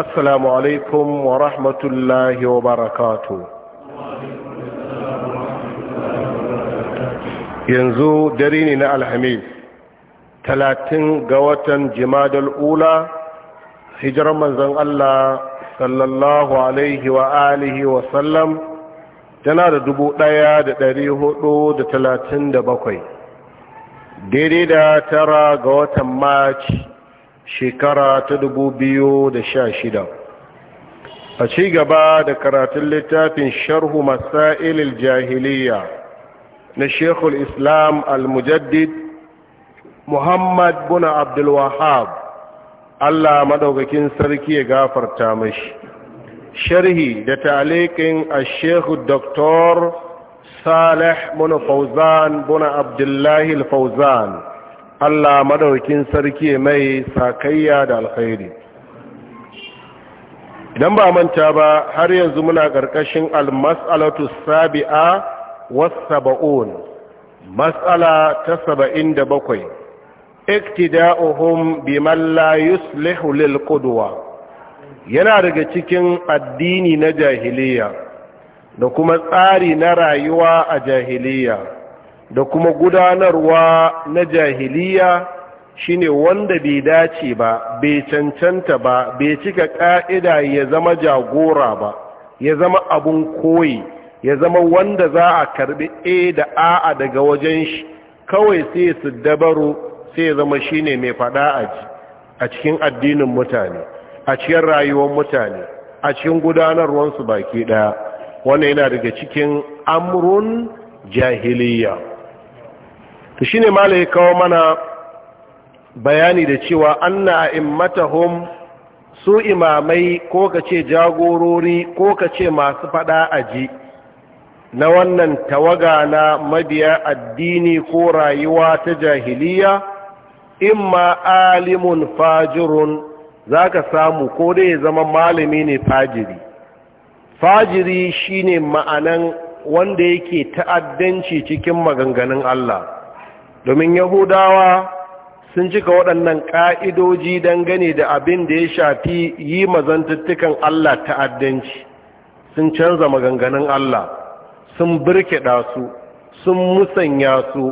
السلام عليكم ورحمة Yanzu dare ne na alhamis talatin ga watan jimadal ula hijar manzon Allah sallallahu alaihi wa alihi wa sallam tana da dubu ɗaya da ɗari hudu da talatin da bakwai daidai da tara ga watan maci shekara ta dubu biyu da sha shida. a ci gaba da karatun littafin sharhu masailil jahiliya na shekul islam al-mujaddid muhammad buna abdulwahab allah madaukakin sarki ya gafarta mashi sharhi da talikin a shekul doktor salih buna fauzan buna abdullahi fauzan Allah madaukin sarki mai sakayya da alkhairi idan ba manta ba har yanzu muna ƙarƙashin almas'alatu sabi'a was-sab'un mas'ala ta 77 iktida'uhum biman la yuslihu lil qudwa yana daga cikin addini na jahiliya da kuma tsari na rayuwa a jahiliya da kuma gudanarwa na jahiliya shine wanda bai dace ba bai cancanta ba bai cika ƙa'ida ya zama jagora ba ya zama abun koyi ya zama wanda za a karbi a da a daga wajen shi kawai sai su dabaru, sai ya zama shine mai fada a cikin addinin mutane a cikin rayuwar mutane a cikin gudanarwarsu baki ɗaya, wannan yana daga cikin amrun jahiliya to shine mala ya kawo mana bayani da cewa anna immatahum su imamai ko ka ce jagorori ko ka ce masu fada aji na wannan tawaga na mabiya addini ko rayuwa ta jahiliya imma alimun fajirun zaka samu ko dai zama malami ne fajiri fajiri shine ma'anan wanda yake ta'addanci cikin maganganun Allah domin yahudawa sun cika waɗannan ƙa'idoji dangane da abin da ya shafi yi mazantattukan Allah ta'addanci sun canza maganganun Allah sun birkiɗa su sun musanya su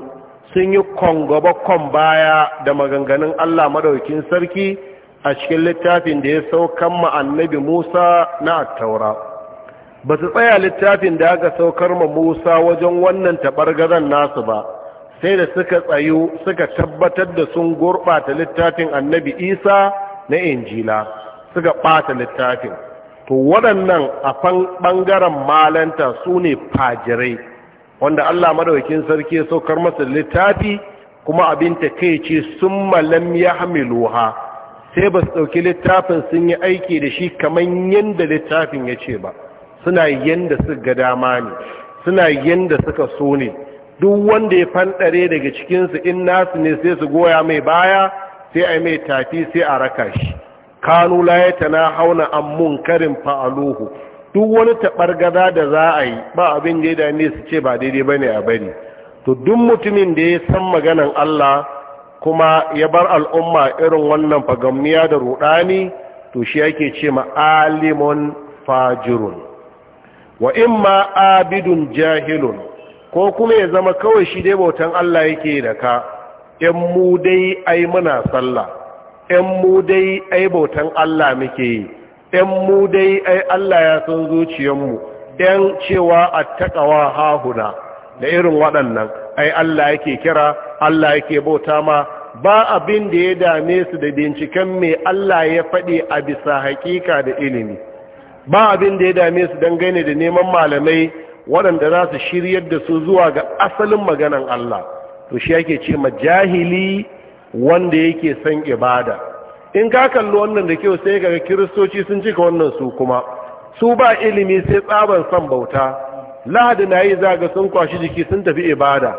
sun yi kwangwabakon baya da maganganun Allah madaukin sarki a cikin littafin da ya saukan annabi Musa na taura. ba su tsaya littafin da aka saukar ma Musa wajen wannan taɓargazan nasu ba sai da suka tsayu suka tabbatar da sun gurɓata littafin annabi isa na injila suka ɓata littafin to waɗannan a ɓangaren malanta su ne fajirai wanda allah madawakin sarki ya saukar masa littafi kuma abin ta kai ce sun malam ya hamiluha sai ba su ɗauki littafin sun yi aiki da shi kamar yadda littafin ya ce ba suna yadda suka ga dama ne suna yadda suka so ne duk wanda ya fanɗare daga cikinsu in nasu ne sai su goya mai baya sai a mai tafi sai a raka shi kanu la ya tana hauna an karin fa'aluhu duk wani taɓar gaza da za a yi ba abin da ya dame su ce ba daidai ba a bari to duk mutumin da ya san maganan Allah kuma ya bar al'umma irin wannan fagamniya da ruɗani to shi yake ce ma fajirun wa imma abidun jahilun ko kuma ya zama kawai shi dai bautan Allah yake da ka 'yan mu dai ai muna sallah 'yan mu dai ai bautan Allah muke yi 'yan mu dai ai Allah ya san mu, 'yan cewa attaqawa hahuna da irin waɗannan ai Allah yake kira Allah yake bauta ma ba abin da ya dame su da binciken mai Allah ya faɗi a bisa haƙiƙa da ilimi ba abin da ya dame su dangane da neman malamai waɗanda za su shiryar da su zuwa ga asalin maganan Allah to shi yake ce ma jahili wanda yake son ibada in ka kalli wannan da kyau sai ga kiristoci sun cika wannan su kuma su ba ilimi sai tsaban son bauta lahadi na yi zaga sun kwashi jiki sun tafi ibada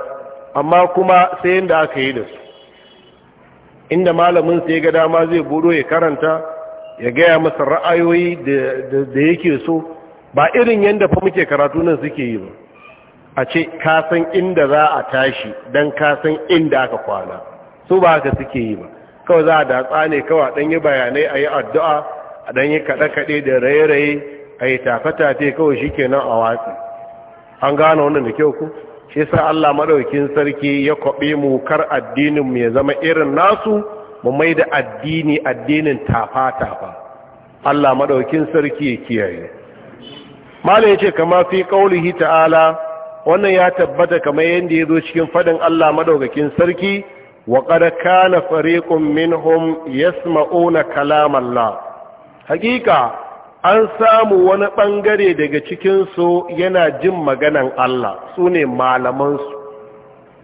amma kuma sai yadda aka yi da su inda malamin sai ga dama zai budo ya karanta ya gaya masa ra'ayoyi da yake so ba irin yadda fa muke karatu nan suke yi ba a ce ka inda za a tashi don kasan inda aka kwana su ba haka suke yi ba kawai za a datsa ne kawai dan yi bayanai a yi addu'a a dan yi kaɗe-kaɗe da raye-raye a yi tafe-tafe kawai shi kenan a watsi an gano wannan da kyau ku shi sa Allah maɗaukin sarki ya kwaɓe mu kar addininmu ya zama irin nasu mu mai da addini addinin tafa-tafa Allah maɗaukin sarki ya kiyaye mala ya ce kama fi ƙaulihi ta'ala wannan ya tabbata kamar yadda ya zo cikin faɗin Allah madaukakin sarki wa qad kana fariqun minhum yasma'una kalam Allah hakika an samu wani ɓangare daga cikin su yana jin maganan Allah sune malaman su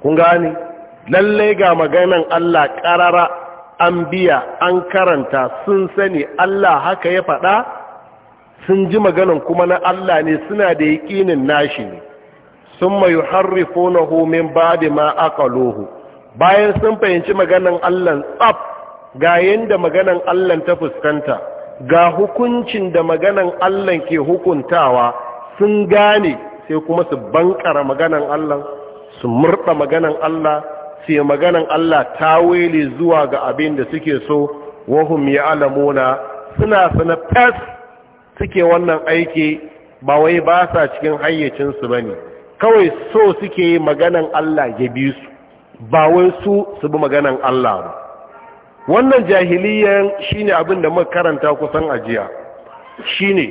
kun gane lalle ga maganan Allah ƙarara an biya an karanta sun sani Allah haka ya faɗa sun ji maganan kuma na Allah ne suna da yaƙinin nashi ne sun mayu harrifonahu homin ba'di ma aqaluhu bayan sun fahimci maganan Allah tsaf ga yadda maganan Allah ta fuskanta ga hukuncin da maganan Allah ke hukuntawa sun gane sai kuma su bankara maganan Allah su murda maganan Allah su yi maganan Allah tawili zuwa ga abin da suke so wahum ya alamona suna sana fes. suke wannan aiki ba wai ba sa cikin hayyacinsu ba ne kawai so suke yi maganan Allah ya bi su ba wai su su bi maganan Allah ba wannan jahiliyan ne abin da muka karanta kusan ajiya Shi ne.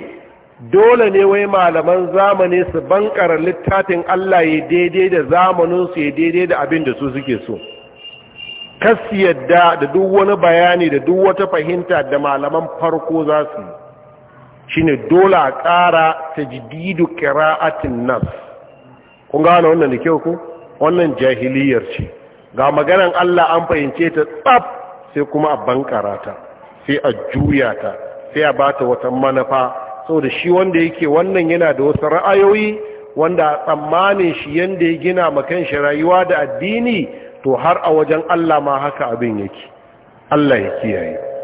dole ne wai malaman zamani su bankara littafin Allah ya daidai da zamaninsu ya daidai da abin da su suke so kas yadda da duk wani bayani da duk wata fahimta da malaman farko za su yi shine dole a ƙara tajdidu ƙira'atin nas kun gano wannan da kyau ku? wannan jahiliyar ce ga maganan Allah an fahimce ta tsab, sai kuma a bankara ta sai a juya ta sai a bata wata Sau saboda shi wanda yake wannan yana da wasu ra'ayoyi wanda a tsammanin shi yadda ya gina makan shi rayuwa da addini to har a wajen Allah ma haka abin yake Allah ya kiyaye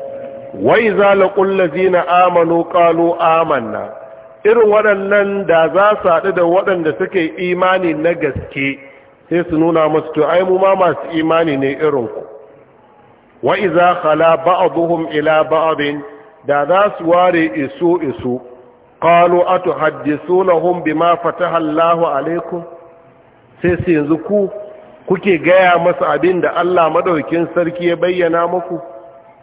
wai za laƙun lazina amanu ƙalu amanna irin waɗannan da za su haɗu da waɗanda suke imani na gaske sai su nuna musu to ai mu ma masu imani ne irin ku. wa iza khala ba'dhum ila ba'din da za su ware isu isu qalu atuhaddisunahum bima fataha Allahu alaikum sai su yanzu ku kuke gaya masa abin da Allah madaukin sarki ya bayyana muku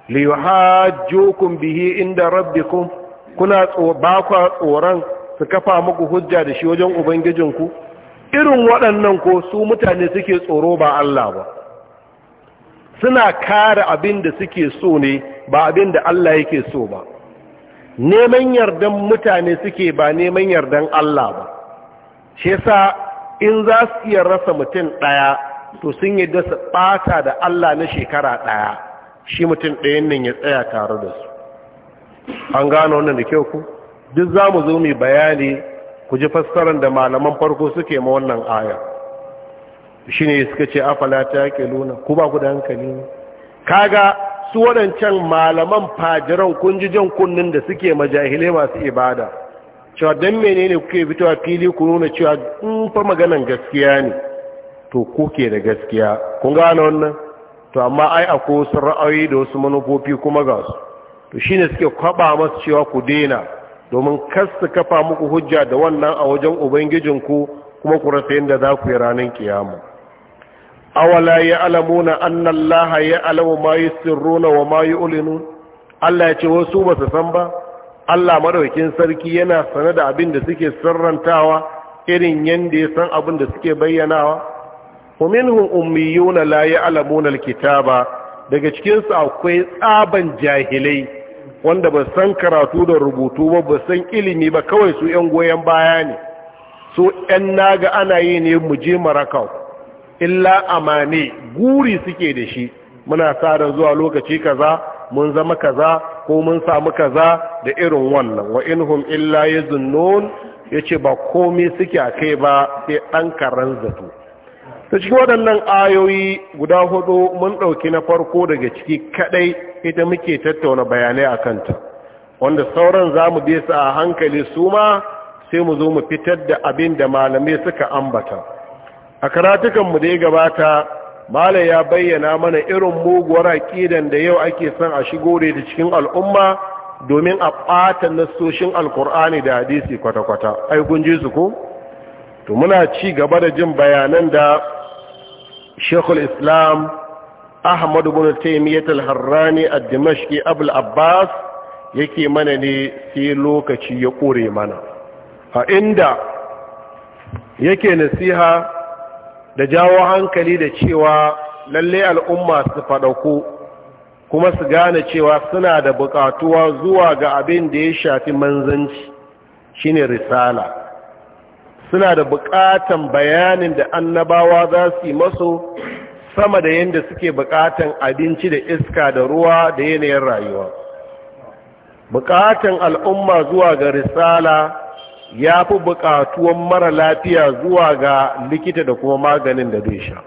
liyuhajjukum bihi inda rabbikum kuna ba ku tsoron su kafa muku hujja da shi wajen ubangijinku irin waɗannan ko su mutane suke tsoro ba Allah ba suna kare abin da suke so ne ba abin da Allah yake so ba neman yardan mutane suke ba neman yardan Allah ba shi yasa in za su iya rasa mutum ɗaya to sun da su ɓata da Allah na shekara ɗaya shi mutum ɗayan nan ya tsaya tare da su an gano wannan da kyau ku duk za mu zo mai bayani ku ji fassarar da malaman farko suke ma wannan aya shi ne suka ce afala ta ke luna ku ba ku da hankali ne kaga su waɗancan malaman fajiran kun ji jan kunnin da suke majahile masu ibada cewa don menene kuke fitowa fili ku nuna cewa in fa maganan gaskiya ne to kuke da gaskiya kun gano wannan to amma ai akwai sun ra'ayoyi da wasu manufofi kuma ga su to shine suke kwaba masu cewa ku daina domin kas su kafa muku hujja da wannan a wajen ubangijinku kuma ku rasa yadda za ku yi ranar kiyama awala ya alamuna annallaha ya alamu ma yusirruna wa ma ulinu. Allah ya ce wasu ba su san ba Allah madaukin sarki yana sane da abin da suke sirrantawa irin yadda ya san abin da suke bayyanawa wa minhum ummiyuna la ya'lamuna alkitaba daga cikin su akwai tsaban jahilai wanda ba san karatu da rubutu ba ba san ilimi ba kawai su yan goyon baya ne su yan naga ana yi ne mu je maraka illa amane guri suke da shi muna sa zuwa lokaci kaza mun zama kaza ko mun samu kaza da irin wannan wa inhum illa yazunnun yace ba komai suke a kai ba sai ɗan karan zato ta cikin waɗannan ayoyi guda hudu mun ɗauki na farko daga ciki kaɗai ita muke tattauna bayanai a kanta wanda sauran za mu bi su a hankali su ma sai mu zo mu fitar da abin da malamai suka ambata a karatukanmu da ya gabata malam ya bayyana mana irin muguwar aƙidan da yau ake son a shigo da ita cikin al'umma domin a ɓata nassoshin alkur'ani da hadisi kwata-kwata ai kun ji su ko to muna ci gaba da jin bayanan da shekul islam ahmad bin taimiyyat al-harrani a dimashki abul abbas yake mana ne sai lokaci ya ƙure mana a inda yake nasiha da jawo hankali da cewa lallai al'umma su faɗaƙo kuma su gane cewa suna da buƙatuwa zuwa ga abin da ya shafi manzanci shine risala suna da bukatan bayanin da annabawa za su yi masu sama da yadda suke bukatan abinci da iska da ruwa da yanayin rayuwa bukatan al'umma zuwa ga risala ya fi bukatuwan mara lafiya zuwa ga likita da kuma maganin da zai sha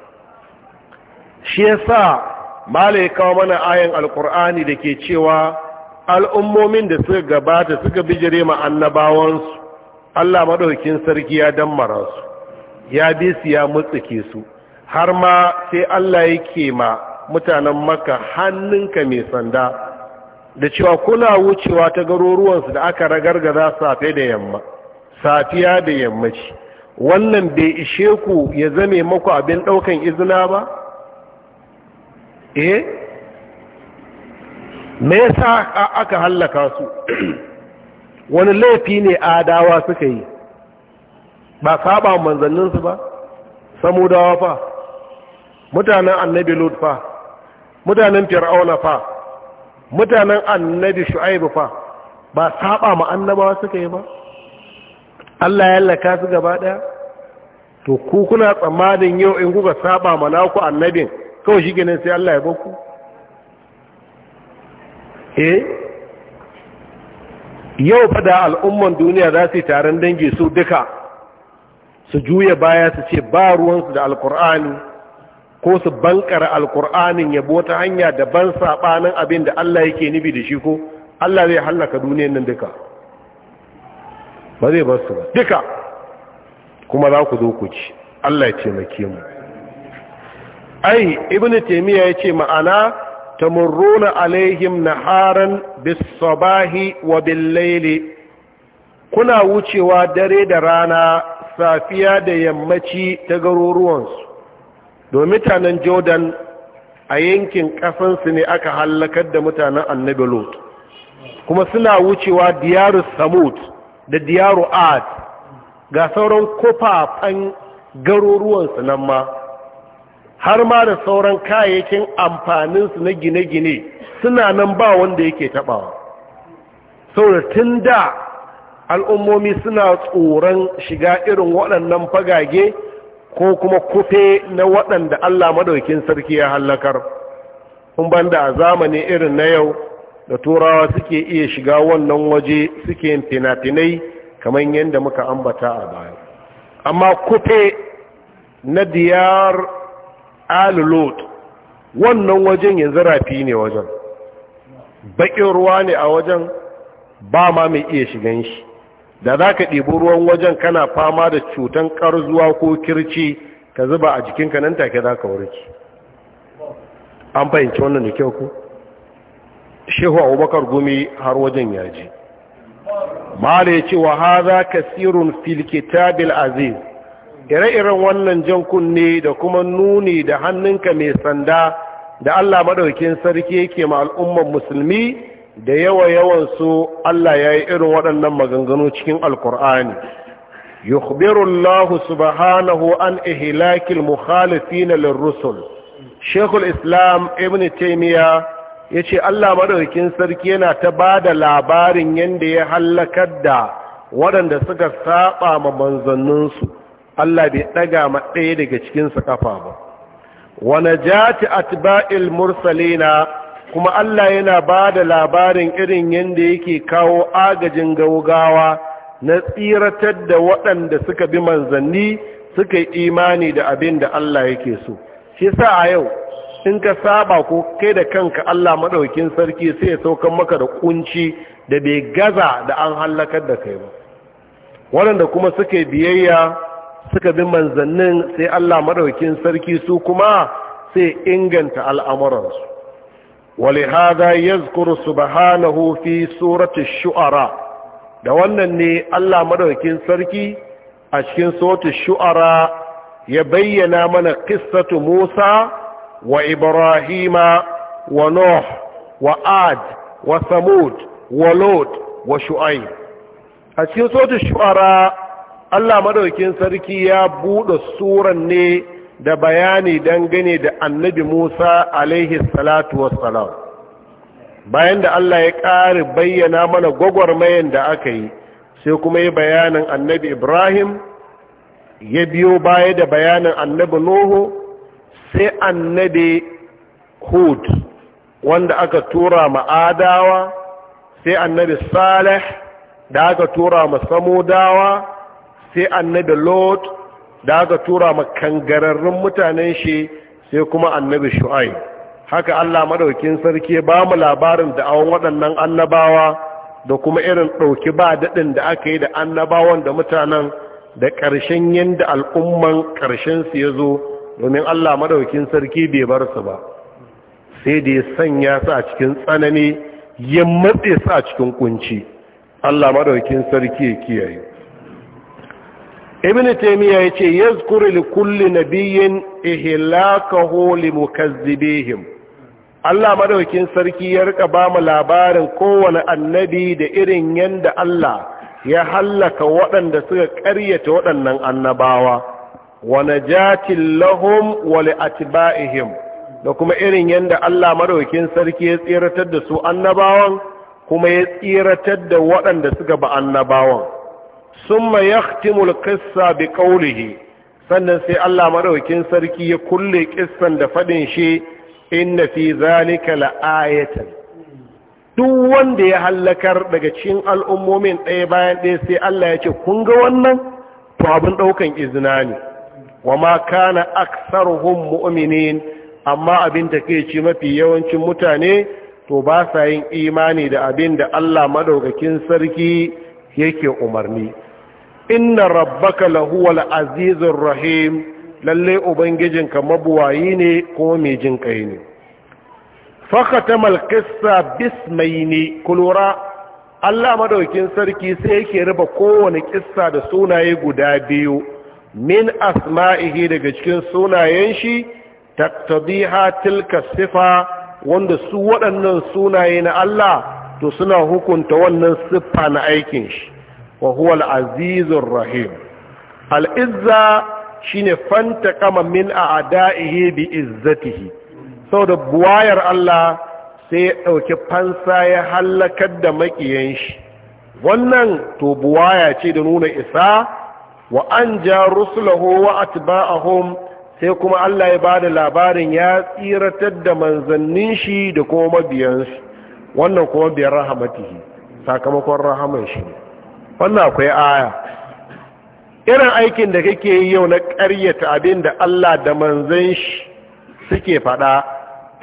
shi sa malai kawo mana ayan alkur'ani da ke cewa al'ummomin da suka gabata suka bijire ma annabawansu Allah maɗaukin sarki ya dammara su ya bi su ya mutsike su har ma sai Allah yake ma mutanen maka hannunka mai sanda da cewa kuna wucewa ta garuruwansu da aka ragargaza safe da yamma safiya da yammaci wannan bai ishe ku ya zame maku abin ɗaukan izina ba eh me yasa aka hallaka su wani laifi ne adawa suka yi ba saba manzanninsu ba samudawa fa mutanen annabi lut fa mutanen fir'auna fa mutanen annabi shu'aibu fa ba saba ma annabawa suka yi ba Allah ya laka su gaba daya to ku kuna tsammanin yau in kuka saba ma naku annabin kawai shi sai Allah ya baku eh yau fada al'umman duniya za su yi taron dangi su duka su juya baya su ce ba ruwansu da alkur'ani ko su bankara alkur'anin yabo ta hanya da ban saɓanin abin da Allah yake nufi da shi ko Allah zai hallaka duniya nan duka ba zai ba su duka kuma za ku zo ku ci Allah ya ce mu ai ibn taymiya yace ma'ana تمرون عليهم نهارا wa وبالليل kuna wucewa dare da rana safiya da yammaci ta garuruwansu domin mutanen jordan a yankin kasansu ne aka hallakar da mutanen annabi lot kuma suna wucewa diyaru samud da diyaru ad ga sauran kofafan garuruwansu nan ma har ma da sauran kayayyakin amfaninsu na gine-gine suna nan ba wanda yake taɓawa da tun da al'ummomi suna tsoron shiga irin waɗannan fagage ko kuma kufe na waɗanda Allah madaukin sarki ya hallakar kun banda a zamani irin na yau da turawa suke iya shiga wannan waje suke yin fina-finai kamar yadda muka ambata a baya amma kufe na diyar alulot wannan wajen yanzu rafi ne wajen baƙin ruwa ne a wajen ba ma mai iya shigan shi da za ka ɗibi ruwan wajen kana fama da cutan ƙarzuwa ko kirci ka zuba a jikinka nan take za ka an fahimci wannan da kyau ku shehu abubakar gumi har wajen yaji da ya ce wa ka kasirun fil kitabil aziz ire-iren wannan jan kunne da kuma nuni da hannunka mai sanda da Allah maɗaukin sarki yake ma al'umman musulmi da yawa yawan su Allah ya yi irin waɗannan maganganu cikin alkur'ani yukhbirullahu subhanahu an ihlakil mukhalifina lirrusul shekul islam ibn taimiya ya ce allah maɗaukin sarki yana ta ba da labarin yadda ya hallakar da waɗanda suka saba ma manzanninsu Allah bai ɗaga ma ɗaya daga sa ƙafa ba wane jati atba'il mursalina kuma Allah yana ba da labarin irin yadda yake kawo agajin gaugawa na tsiratar da waɗanda suka bi manzanni suka yi imani da abin da Allah yake so shi sa a yau in ka saba ko kai da kanka Allah maɗaukin sarki sai ya saukan maka da kunci da bai gaza da an hallakar da kai ba waɗanda kuma suke biyayya suka bi manzannin sai Allah maɗaukin sarki su kuma sai inganta al'amuransu wali hada yazkuru subhanahu fi surati shu'ara da wannan ne Allah maɗaukin sarki a cikin surati shu'ara ya bayyana mana Kistatu, Musa wa Ibrahima wa Nuh wa Ad wa Samud wa Lot wa Shu'aib a cikin surati shu'ara Allah madaukin sarki ya buɗe suran ne da bayani dangane da annabi Musa alaihi salatu wassalam bayan da Allah ya ƙari bayyana mana gwagwarmayan da aka yi sai kuma yi bayanin annabi Ibrahim ya biyo baya da bayanin annabi Nuhu sai annabi Hud wanda aka tura ma Adawa sai annabi saleh da aka tura ma Samudawa sai annabi lot da aka tura ma kangararrun mutanen shi sai kuma annabi shu'aib haka Allah maɗaukin sarki ba mu labarin da awon waɗannan annabawa da kuma irin ɗauki ba daɗin da aka yi da annabawan da mutanen da ƙarshen yadda al'umman ƙarshensu ya zo domin Allah maɗaukin sarki bai bar su ba sai da ya sanya su a cikin tsanani ya matse su a cikin kunci Allah maɗaukin sarki ya kiyaye ibn taymiya yace yazkuru li kulli nabiyyin ihlakahu li mukazzibihim Allah madaukin sarki ya rika ba mu labarin kowane annabi da irin yanda Allah ya hallaka waɗanda suka ƙaryata waɗannan annabawa wa najatil lahum wa li atba'ihim da kuma irin yanda Allah madaukin sarki ya tsiratar da su annabawan kuma ya tsiratar da waɗanda suka ba annabawan summa yahtimul qissa bi sannan sai Allah maɗaukin sarki ya kulle kissan da faɗin shi inna fi zalika la'ayatan duk wanda ya hallakar daga cikin al'ummomin ɗaya bayan ɗaya sai Allah ya ce kun ga wannan to abin ɗaukan izina ne wa ma kana aksaruhum mu'minin amma abin da ke ci mafi yawancin mutane to ba sa yin imani da abin da Allah madaukakin sarki yake umarni inna rabbaka lahuwal azizur rahim lalle ubangijinka mabuwayi ne kuma mai jin kai ne fakatamal qissa bismayni kulura Allah madaukin sarki sai yake riba kowane kissa da sunaye guda biyu min asma'ihi daga cikin sunayen shi taqtadiha tilka sifa wanda su waɗannan sunaye na Allah to suna hukunta wannan siffa na aikin shi wa huwa al-azizur rahim al-izza shine fanta kama min a'da'ihi bi izzatihi saboda buwayar Allah sai ya dauki fansa ya halakar da makiyan shi wannan to buwaya ce da nuna isa wa anja rusulahu wa atba'ahum sai kuma Allah ya bada labarin ya tsiratar da manzannin shi da kuma mabiyansu wannan kuma biyar rahamatihi sakamakon rahaman shi ne wannan akwai aya irin aikin da kake yi yau na ƙaryata abin da Allah da manzan shi suke faɗa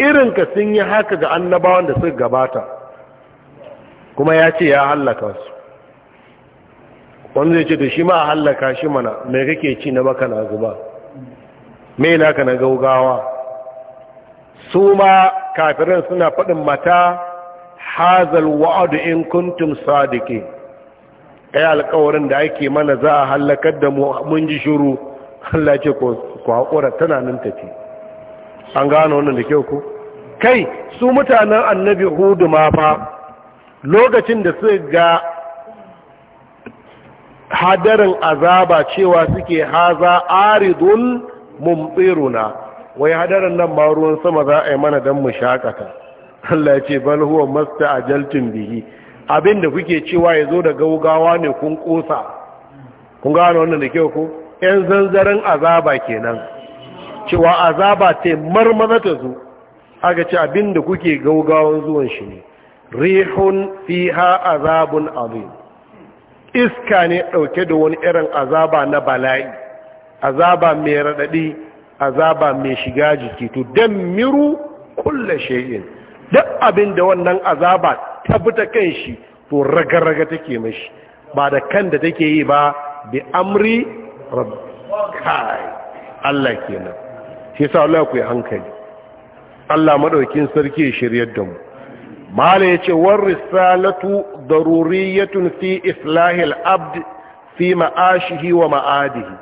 irinka sun yi haka ga annabawan da suka gabata kuma ya ce ya hallaka su wanda zai ce da shi ma a hallaka shi mana mai kake ci na maka na zuba mai naka na gaugawa su ma kafirin suna faɗin mata hazal wa'ad in kuntum sadiki kai alkawarin da ake mana za a halakar da mu mun ji shuru Allah ce ku haƙura tana nan tafi an gano wannan da kyau ko. kai su mutanen annabi hudu ma fa lokacin da suka ga hadarin azaba cewa suke haza aridun mumtsiruna wai hadarin nan ma ruwan sama za a yi mana don mu shakata Allah ya ce bal huwa masta'ajaltum bihi abinda kuke cewa yazo da gaugawa ne kun kosa kun gano wannan da kyau ko yan zanzarin azaba kenan cewa azaba ce marmaza ta zo aga ce abinda kuke gaugawan zuwan shi ne rihun fiha azabun azim iska ne dauke da wani irin azaba na bala'i azaba mai radadi azaba mai shiga jiki to dammiru miru kullu shay'in duk abin da wannan azaba ta fita ta kan shi to raga-raga take mashi ba da kan da take yi ba bi amri rabbi Allah kenan shi sa Allah ku yi hankali Allah madaukin sarki ya shiryar da mu mala yace war risalatu daruriyatun fi islahil abd fi ma'ashihi wa ma'adihi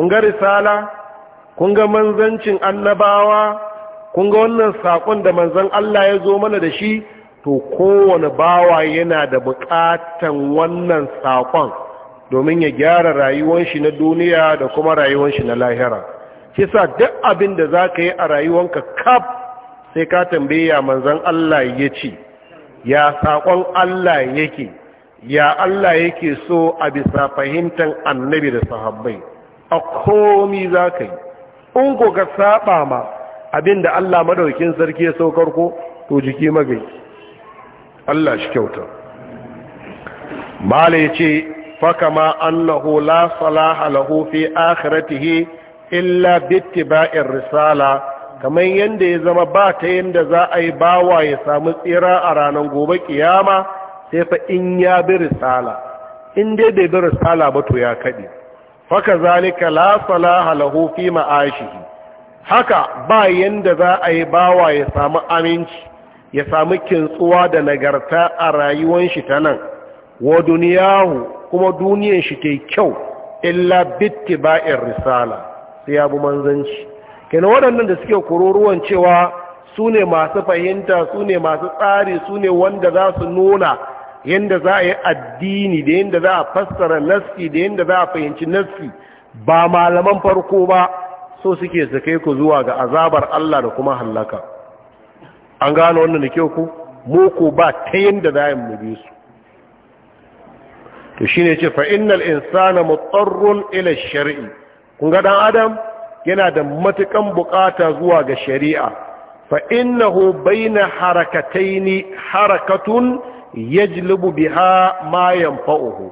kun ga risala kun ga manzancin annabawa kun ga wannan saƙon da manzan Allah ya zo mana da shi to kowane bawa yana da buƙatan wannan saƙon domin ya gyara rayuwar shi na duniya da kuma rayuwar shi na lahira kisa duk abin da za ka yi a rayuwanka kaf sai ka tambaye manzan Allah ya ce ya saƙon Allah yake ya Allah yake so a bisa fahimtar annabi da sahabbai a komi za ka yi in ko ka ma abin da Allah madaukin sarki ya saukar ko to jiki magai Allah shi kyauta mala yace faka ma annahu la salaha lahu fi akhiratihi illa bi ittiba'ir risala kamar yanda ya zama ba ta yanda za a yi bawa ya samu tsira a ranar gobe kiyama sai fa in ya bi risala in dai bai bi risala ba to ya kade faka zalika la salaha lahu fi ma'ashihi haka ba yanda za a yi bawa ya samu aminci ya samu kintsuwa da nagarta a rayuwan shi ta nan wa duniyahu kuma duniyan shi ta kyau illa bitti ba'in risala sai ya manzanci kenan waɗannan da suke kururuwan cewa su ne masu fahimta su ne masu tsari su ne wanda za su nuna yadda za a yi addini da yadda za a fassara naski da yadda za a fahimci naski ba malaman farko ba so suke su kai ku zuwa ga azabar Allah da kuma hallaka an gano wannan da kyau ku mu ba ta da za mu bi su to shine ce fa innal insana mutarrun ila shar'i kun ga dan adam yana da matukan bukata zuwa ga shari'a fa innahu baina harakataini harakatun yajlubu biha ma yanfa'uhu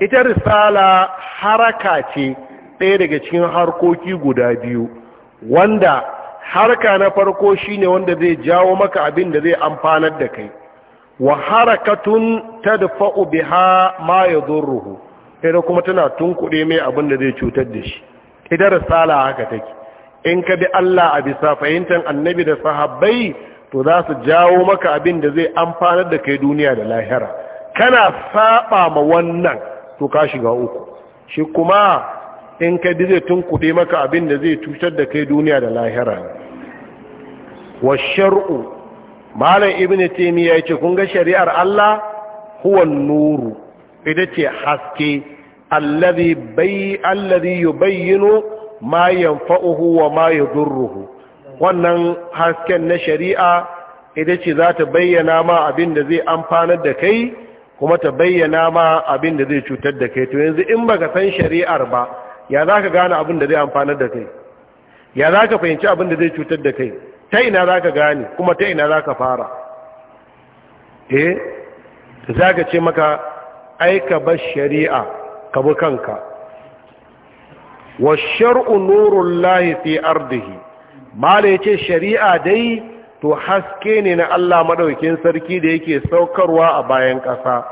ita risala haraka ce ɗaya daga cikin harkoki guda biyu wanda harka na farko shine wanda zai jawo maka abin da zai amfanar da kai wa harakatun tadfa'u biha ma ruhu da kuma tana tunkuɗe mai abin da zai cutar da shi ita risala haka take in ka bi Allah a bisa fahimtar annabi da sahabbai to za su jawo maka abin da zai amfanar da kai duniya da lahira kana saba ma wannan to ka shiga uku shi kuma in ka bi zai tunkuɗe maka abin da zai cutar da kai duniya da lahira wa shar'u malam ibnu taymiya yace kun ga shari'ar Allah huwa nuru ita ce haske allazi bay allazi yubayyinu ma yanfa'uhu wa ma yadurruhu wannan hasken na shari'a ita ce za ta bayyana ma abin da zai amfanar da kai kuma ta bayyana ma abin da zai cutar da kai to yanzu in baka san shari'ar ba ya za ka gane abin da zai amfanar da kai ya za ka fahimci abin da zai cutar da kai ta ina za ka gane kuma ta ina za ka fara eh za ka ce maka aika bar shari'a ka bi kanka wa shar'u nurun lahi fi ardihi mala ya ce shari'a dai to haske ne na Allah maɗaukin sarki da yake saukarwa a bayan ƙasa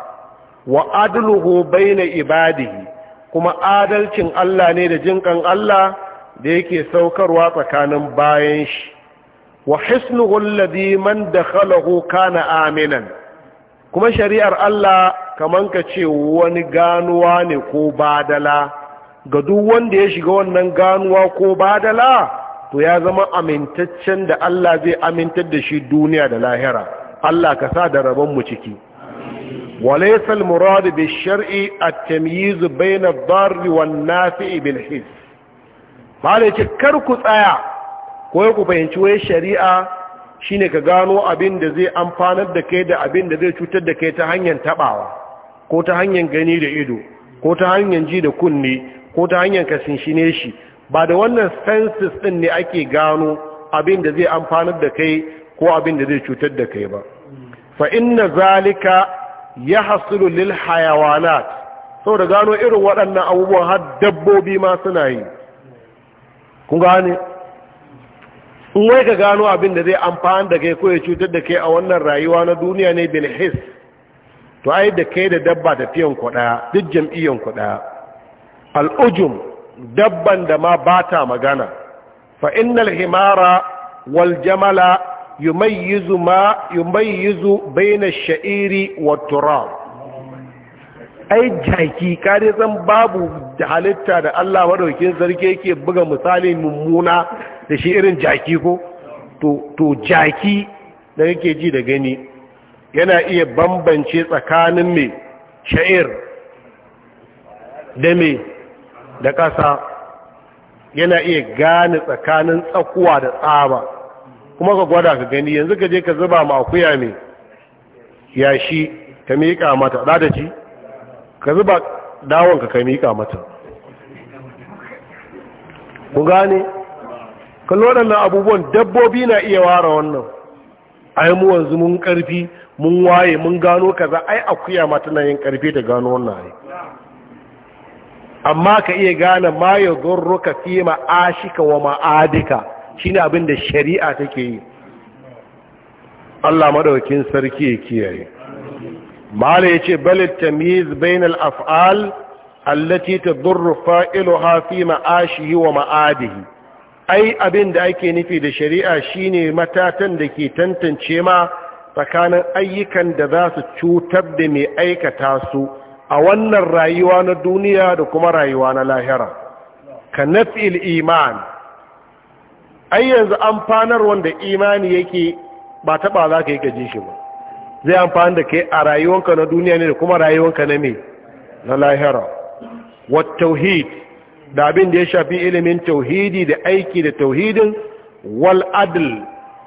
wa adluhu bayna ibadihi kuma adalcin Allah ne da jinkan Allah da yake saukarwa tsakanin bayan shi wa hisnu alladhi man dakhalahu kana aminan kuma shari'ar Allah kaman ka ce wani ganuwa ne ko badala ga duk wanda ya shiga wannan ganuwa ko badala to ya zama amintaccen da Allah zai amintar da shi duniya da lahira Allah ka sa da rabon mu ciki وليس المراد بالشرع التمييز بين الضار والنافع بالحس malai ce kar ku tsaya ko ku fahimci wai shari'a shine ka gano abin da zai amfanar da kai da abin da zai cutar da kai ta hanyar taɓawa, ko ta hanyar gani da ido ko ta hanyar ji da kunne ko ta hanyar kasin shi ba da wannan senses ɗin ne ake gano abin da zai amfanar da kai ko abin da zai cutar da kai ba fa inna zalika ya hasilu lil hayawanat saboda gano irin waɗannan abubuwan har dabbobi ma suna yi kun gane in wai ka gano abin da zai amfani da kai ko ya cutar da kai a wannan rayuwa na duniya ne bilhis to ai da kai da dabba tafiyan ku ɗaya duk jam'iyyan ku ɗaya al'ujum dabban da ma ba ta magana fa innal himara wal jamala yumayyizu ma yumayyizu baina sha'iri wa turab ai jaki kare san babu halitta da Allah madaukin sarki yake buga misali mummuna da shi irin jaki ko to to jaki da yake ji da gani yana iya bambance tsakanin me sha'ir da me da ƙasa yana iya gane tsakanin tsakuwa da tsaba kuma ka gwada ka gani yanzu ka je ka zuba ma akuya mai yashi ka miƙa mata za ta ci ka zuba dawon ka ka miƙa mata ku gane kallon waɗannan abubuwan dabbobi na iya ware wannan ai mu wanzu mun ƙarfi mun waye mun gano kaza ai akuya mata tana yin ƙarfi da gano wannan ne amma ka iya gane ma ya zurruka fi ma'ashika wa ma'adika shine abin da shari'a take yi Allah maɗaukin sarki ya kiyaye mala yace bal tamiz bainal af'al allati tadurru fa'iluha fi ma'ashihi wa ma'adihi ai abin da ake nufi da shari'a shine matatan da ke tantance ma tsakanin ayyukan da za su cutar da mai aikata su a wannan rayuwa na duniya da kuma rayuwa na lahira ka nafil iman ai yanzu amfanar wanda imani yake ba ba za ka yi gaji shi ba zai amfani da kai a rayuwanka na duniya ne da kuma rayuwanka na me na lahira wat tauhid da abin da ya shafi ilimin tauhidi da aiki da tauhidin wal adl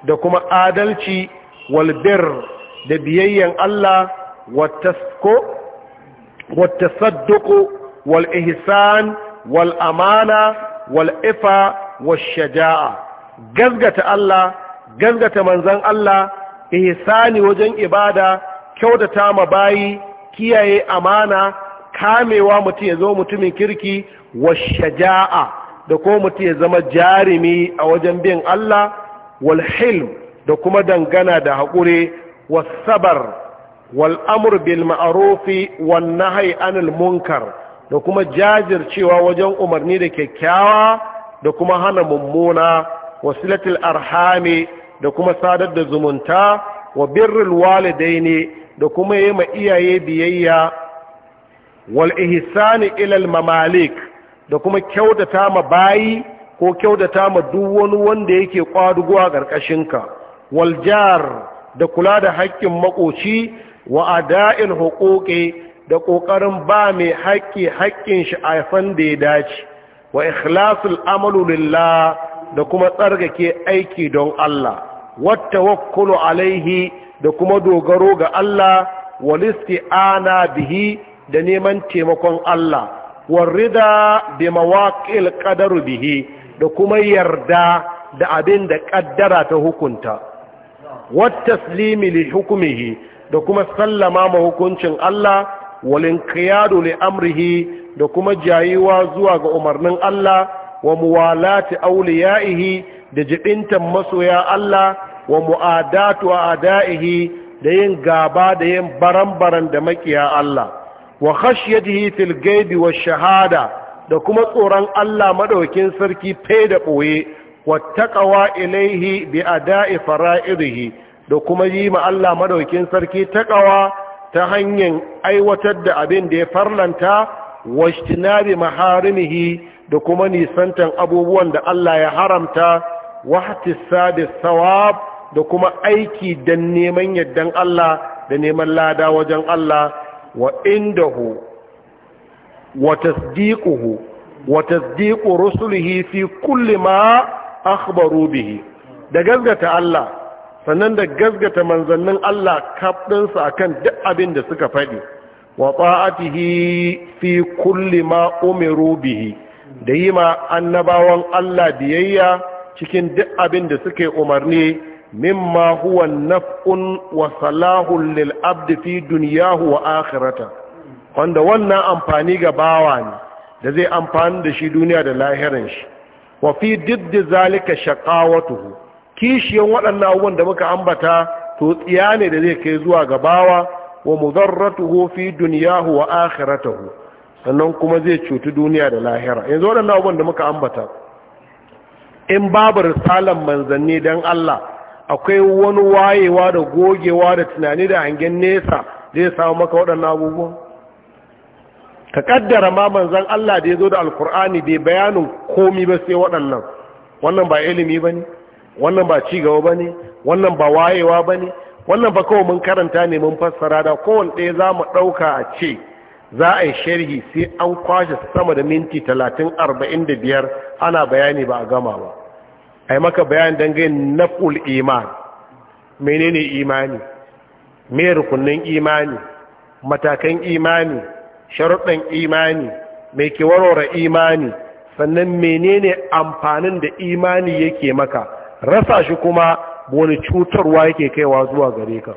da kuma adalci wal bir da biyayyen Allah wat tasadduq wal ihsan wal amana wal ifa wal shaja'a gazgata Allah gazgata manzan Allah ihsani wajen ibada kyautata ma bayi kiyaye amana kamewa mutum ya zo mutumin kirki wa shaja'a da ko mutum ya zama jarumi a wajen bin Allah wal hilm da kuma dangana da haƙure wasabar sabar wal amr bil ma'arufi wal nahy anil munkar da kuma jajircewa wajen umarni da kyakkyawa da kuma hana mummuna wasilatul arhami da kuma sadar da zumunta wa birrul walidaini da kuma yi iyaye biyayya wal ihsani ilal mamalik da kuma kyautata ma bayi ko kyautata ma duk wani wanda yake kwaduguwa ƙarƙashinka wal jar da kula da haƙƙin makoci wa ada'il huquqi da ƙoƙarin ba mai haƙƙi haƙƙin shi a fan da ya dace wa ikhlasul amalu lillah da kuma tsargake aiki don Allah Wata Wakulu alaihi da kuma dogaro ga Allah ana bihi da neman taimakon Allah warida bi mawaƙil ƙadaru bihi da kuma yarda da abin da ƙaddara ta hukunta slimi li hukumihi da kuma sallama ma hukuncin Allah walin qiyadu li amrihi da kuma jayiwa zuwa ga umarnin Allah wa muwalati auliyaihi da jibintan masoya Allah wa mu'adatu a'daihi da yin gaba da yin barambaran da makiya Allah wa khashyatihi fil ghaibi wa shahada da kuma tsoron Allah madaukin sarki Fai da boye wattaqawa ilaihi bi ada'i fara'idihi da kuma yi ma Allah madaukin sarki takawa ta hanyar aiwatar da abin da ya farlanta wajtinabi maharimihi da kuma nisantan abubuwan da Allah ya haramta wahtisa da sawab da kuma aiki da neman yaddan Allah da neman lada wajen Allah wa indahu wa tasdiquhu wa tasdiqu rusulihi fi kulli ma akhbaru bihi da gazgata Allah sannan da gazgata manzannin Allah kafdinsu akan duk abin da suka faɗi wa ta'atihi fi kulli ma umiru bihi da yi ma annabawan Allah biyayya cikin duk abin da suke umarni mimma huwa naf'un wa salahun lil abdi fi dunyahu wa akhirata wanda wannan amfani ga bawa ne da zai amfani da shi duniya da lahirin shi wa fi diddi zalika shaqawatuhu kishiyan waɗannan abubuwan da muka ambata to tsiya ne da zai kai zuwa ga bawa wa mudarratuhu fi duniyahu wa akhiratahu sannan kuma zai cuti duniya da lahira yanzu waɗannan abubuwan da muka ambata in babu risalan manzanni don Allah akwai wani wayewa da gogewa da tunani da hangen nesa da ya samu maka waɗannan abubuwan ka kaddara ma manzan Allah da ya zo da alkur'ani bai bayanin komi ba sai waɗannan wannan ba ilimi ba ne wannan ba cigaba ba ne wannan ba wayewa ba ne wannan ba kawai mun karanta ne mun fassara da kowane ɗaya za mu ɗauka a ce za a yi sharhi sai an kwashe sama da minti talatin arba'in da biyar ana bayani ba a gama ba a yi maka bayan dangane na ƙul iman menene imani mai rukunin imani matakan imani sharuɗan imani mai ke warware imani sannan menene amfanin da imani yake maka rasa shi kuma wani cutarwa yake kaiwa zuwa gare ka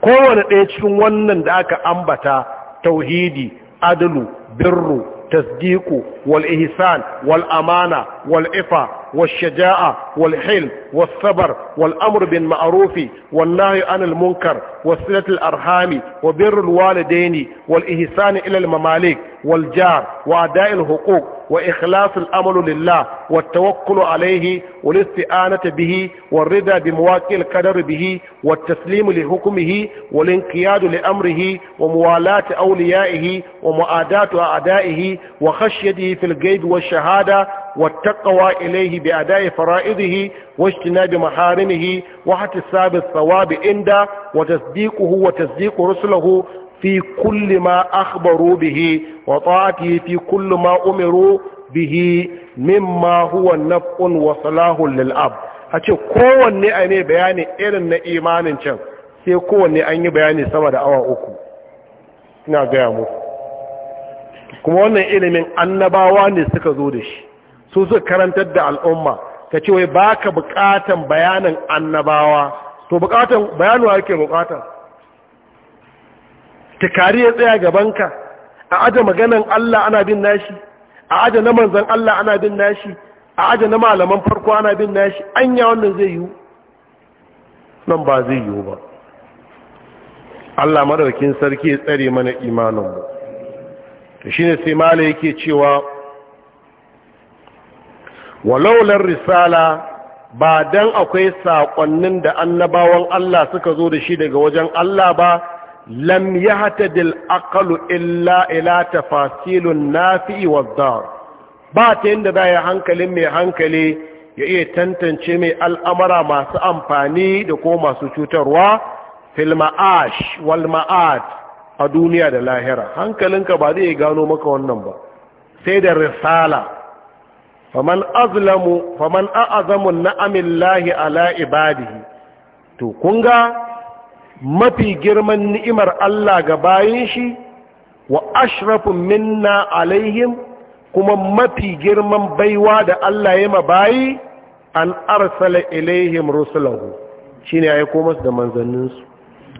kowane ɗaya cikin wannan da aka ambata tauhidi adalu birru tasdiku والإهسان والأمانة والإفة والشجاعة والحلم والصبر والأمر بالمعروف والنهي عن المنكر وصلة الأرحام وبر الوالدين والإهسان إلى المماليك والجار وأداء الحقوق وإخلاص الأمل لله والتوكل عليه والاستعانة به والرضا بمواقع القدر به والتسليم لحكمه والانقياد لأمره وموالاة أوليائه ومعاداة أعدائه وخشيته fil gaib wa shahada wa taqwa ilayhi bi ada'i fara'idihi wa ijtinabi maharimihi wa ihtisabi thawab inda wa tasdiquhu wa tasdiqu rusulihi fi kulli akhbaru bihi wa ta'atihi fi kulli ma umiru bihi mimma huwa naf'un wa salahun lil ab hace kowanne a ne bayani irin na imanin can sai kowanne an yi bayani sama da awa uku ina gaya muku kuma wannan ilimin annabawa ne suka zo da shi su suka karantar da al'umma ka ce wai baka bukatan bayanin annabawa to bukatan bayanuwa yake bukata tikari ya tsaya gabanka a aje maganan Allah ana bin nashi a aje na manzan Allah ana bin nashi a aje na malaman farko ana bin nashi anya wannan zai yiwu nan ba zai yiwu ba Allah madaukin sarki ya tsare mana imaninmu shine sai mala yake cewa walaular risala ba dan akwai saƙonnin da annabawan Allah suka zo da shi daga wajen Allah ba lam yahtadil aqlu illa ila tafasilun nafi'i wadh-dhar ba ta yanda za ya hankalin mai hankali ya iya tantance mai al'amara masu amfani da ko masu cutarwa fil ma'ash wal ma'ad a duniya da lahira hankalinka ba zai gano maka wannan ba sai da risala faman azlamu faman a'azamu na'amin lahi ala ibadihi to kun ga mafi girman ni'imar Allah ga bayin shi wa ashrafun minna alaihim kuma mafi girman baiwa da Allah ya ma bayi an arsala ilaihim rusulahu shine ya yi komas da manzanninsu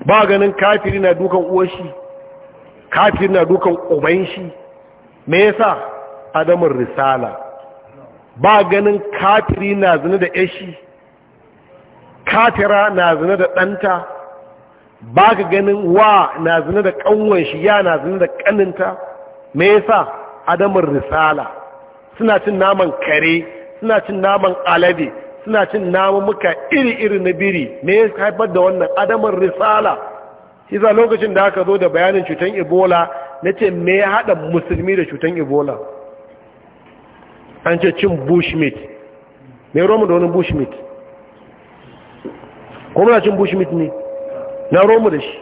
ba ganin kafiri na dukan uwashi kafin na dukan uban shi me yasa adamin risala ba ganin kafiri na zina da yashi katira na zina da ɗanta ba ka ganin wa na zina da ƙanwon shi ya na zina da ƙaninta me yasa adamin risala suna cin naman kare suna cin naman alade suna cin naman muka iri-iri na biri me ya haifar da wannan adamin risala shi za lokacin da aka zo da bayanin cutan ebola na ce me ya haɗa musulmi da cutan ebola an ce cin bushmeat me romu da wani bushmeat kuma na cin bushmeat ne na romu da shi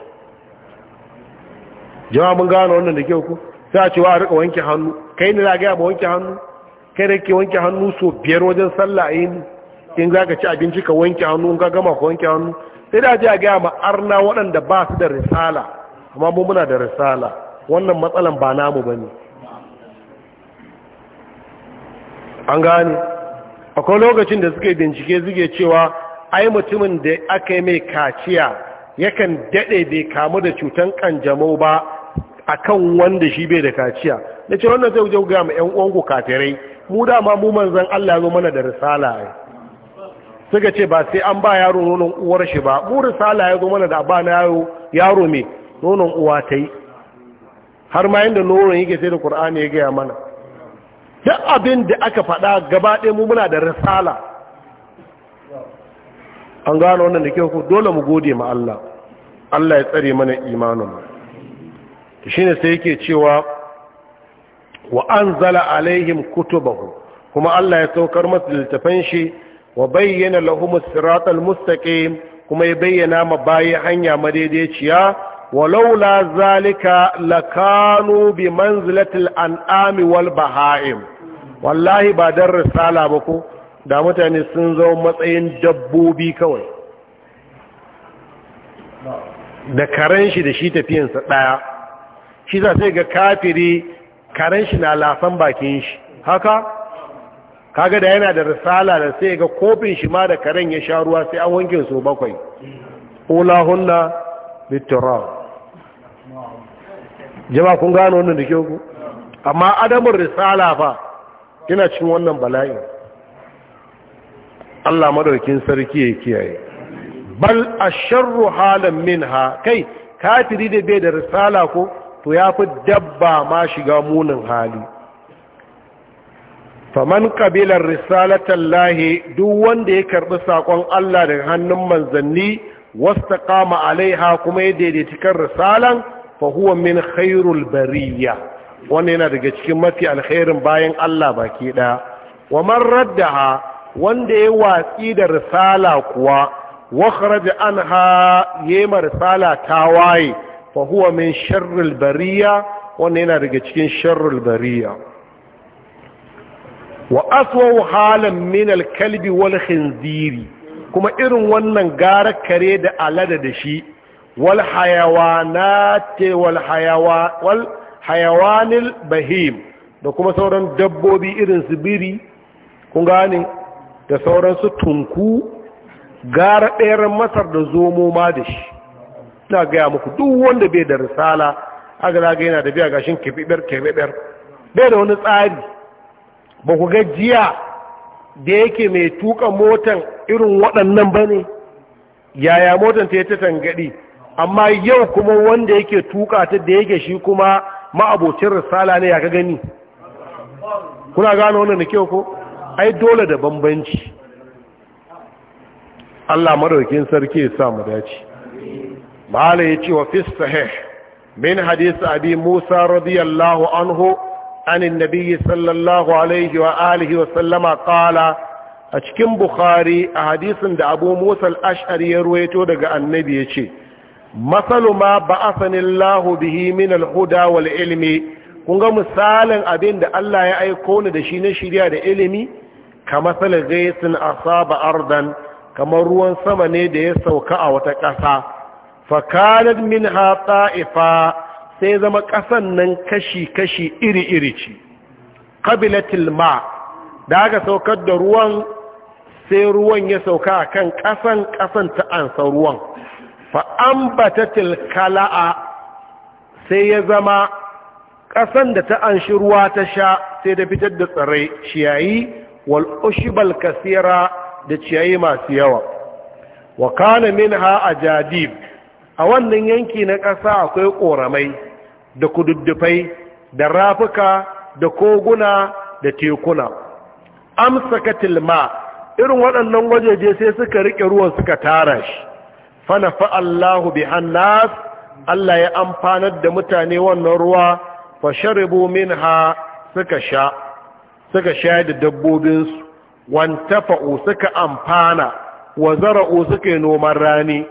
jawabin gano wannan da ke ku sai a cewa a rika wanke hannu kai ne za gaya ba wanke hannu kai da ke wanke hannu so biyar wajen sallah a yi in za ka ci abinci ka wanke hannu in ka gama ka wanke hannu sai da ji a gaya ma arna waɗanda ba su da risala amma mu muna da risala wannan matsalan ba namu ba ne an gane akwai lokacin da suke bincike suke cewa ai mutumin da aka yi mai kaciya yakan daɗe bai kamu da cutan kanjamau ba akan wanda shi bai da kaciya na ce wannan zai wuce ga ma 'yan uwanku kafirai mu dama mu manzan Allah ya zo mana da risala ai suka ce ba sai an ba yaro nonon uwar shi ba mu risala ya zo mana da ba na yaro mai nonon uwa ta yi har ma yadda nonon yake sai da ƙur'ani ya gaya mana duk abin da aka faɗa gaba ɗaya mu muna da risala an gano wannan da ke hukun dole mu gode ma Allah Allah ya tsare mana imanin mu shine sai yake cewa wa anzala alaihim kutubahu kuma Allah ya saukar masu littafan shi wa bayyana lahum siratal mustaqim kuma ya bayyana ma bayi hanya madaidaiciya walaula zalika lakanu bi manzilatil an'ami wal baha'im wallahi ba dan risala ba ko da mutane sun zama matsayin dabbobi kawai da karen shi da shi tafiyansa ɗaya shi za sai ga kafiri karen shi na lafan bakin shi haka kaga da yana da risala da sai ga kofin shi ma da karen ya sha ruwa sai an wanke su bakwai ulahunna bittara jama kun gano wannan da ku amma adamin risala fa yana cin wannan bala'in Allah madaukin sarki ya kiyaye bal asharru halan minha kai kafiri da bai da risala ko to ya fi dabba ma shiga munin hali faman ƙabilar risalatallahi duk wanda ya karɓi saƙon Allah daga hannun manzanni wasta kama alaiha kuma ya daidaita kan risalan fa huwa min khairul bariya wanda yana daga cikin mafi alkhairin bayan Allah baki ɗaya wa man raddaha wanda ya watsi da risala kuwa wa kharaja anha yema risala Fa huwa min sharril bariya wanda yana daga cikin sharrul bariya wa aswahu halan min al-kalbi wal khinziri kuma irin wannan gara kare da alada da shi wal hayawanati wal hayawa wal hayawanil bahim da kuma sauran dabbobi irin su biri kun gane da sauran su tunku gara ɗayar masar da zomo ma da shi na gaya muku duk wanda bai da risala aga zaga yana da biya gashin kebeber kebeber bai da wani tsari ba ku gajiya da yake mai tuka motan irin waɗannan ba ne yaya motan ta yi ta tangaɗi amma yau kuma wanda yake tuka ta da yake shi kuma ma'abocin risala ne ya ka gani kuna gano wannan da kyau ko ai dole da bambanci Allah madaukin sarki ya sa mu dace mala ce wa fis sahih min hadith abi musa radiyallahu anhu عن النبي صلى الله عليه وآله وسلم قال أشكم بخاري حديث دا أبو موسى الأشعري يرويته دا النبي يشي مثل ما بعثني الله به من الهدى والعلم kunga misalin abin da Allah ya aiko ni da shi na shirya da ilimi ka matsalar asaba ardan kamar ruwan sama ne da ya sauka a wata ƙasa fakanar min ha ta'ifa sai zama ƙasan nan kashi-kashi iri-iri ce ƙabilatil ma da aka saukar da ruwan sai ruwan ya sauka a kan ƙasan ƙasan ta ansa ruwan fa'ambatatil kala'a sai ya zama ƙasan da ta anshi ruwa ta sha sai da fitar da tsirrai ciyayi wal'ushibal kasira da ciyayi masu yawa wa kana min ha a jadib a wannan yanki na ƙasa akwai ƙoramai da kududdufai da rafuka da koguna da tekuna amsaka tilma irin waɗannan wajeje sai suka riƙe ruwan suka tara shi fana fa'allahu bi hannas Allah ya amfanar da mutane wannan ruwa fa sharibu minha suka sha suka sha da dabbobinsu wantafa'u suka amfana wa zara'o suka yi noman rani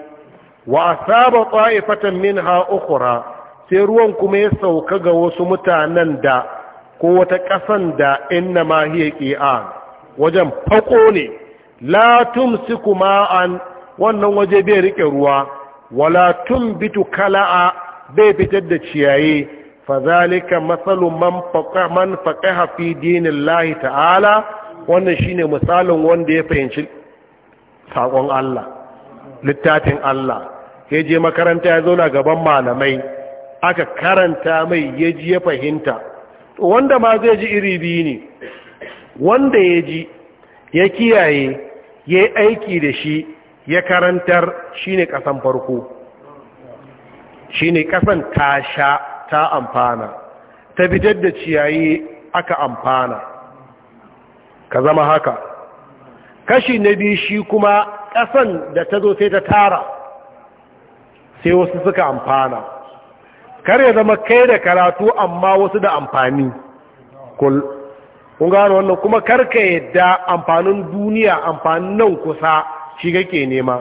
wa asaba ta'ifatan minha ukhra sai ruwan kuma ya sauka ga wasu mutanen da ko wata kasan da inna ma hiya qi'an wajen fako ne la tumsiku ma'an wannan waje bai rike ruwa wala tumbitu kala'a bai fitar da ciyaye fazalika masalu man faqa man faqaha fi dinillahi ta'ala wannan shine misalin wanda ya fahimci sakon Allah littafin Allah sai je makaranta ya zauna gaban malamai aka karanta mai ya ji ya fahimta wanda ma zai ji iri biyu ne wanda ya ji ya kiyaye ya yi aiki da shi ya karantar shine kasan farko shine kasan ta sha ta amfana ta fitar da ciyayi aka amfana ka zama haka kashi na biyu shi kuma ƙasan da ta zo sai ta tara sai wasu suka amfana kar ya zama kai da karatu amma wasu da amfani kun gano wannan kuma karka yadda amfanin duniya amfanin nan kusa shi kake nema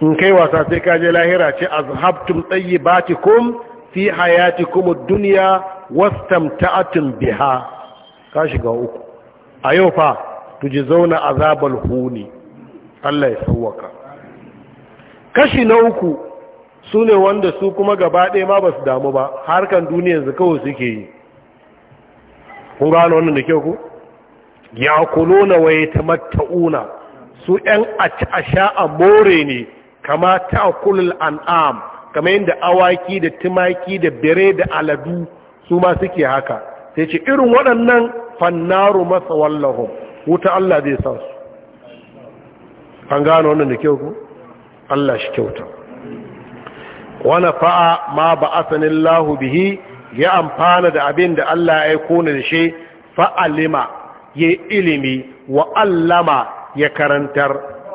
in kai wasa sai ka je lahira ce azhabtum tayyibatikum fi hayatikum ad-dunya wastamta'tum biha ka shiga uku a yau fa zauna azabal huni Allah ya sauwaka kashi na uku su ne wanda su kuma gaba ɗaya ma ba su damu ba harkan duniya su kawai suke yi kun gano wannan da kyau ku ya kulo na waye ta matta'una su ‘yan a sha'a more ne kama ta kulul an'am kama yadda awaki da timaki da bere da aladu su ma suke haka sai ce irin waɗannan fannaru masa wallahun wuta Allah zai sa su an gano wannan da kyau ku Allah shi kyauta wani fa'a ma ba asanin lahu bihi ya amfana da abin da Allah ya aiko ni da shi fa'alima ya ilimi wa allama ya karantar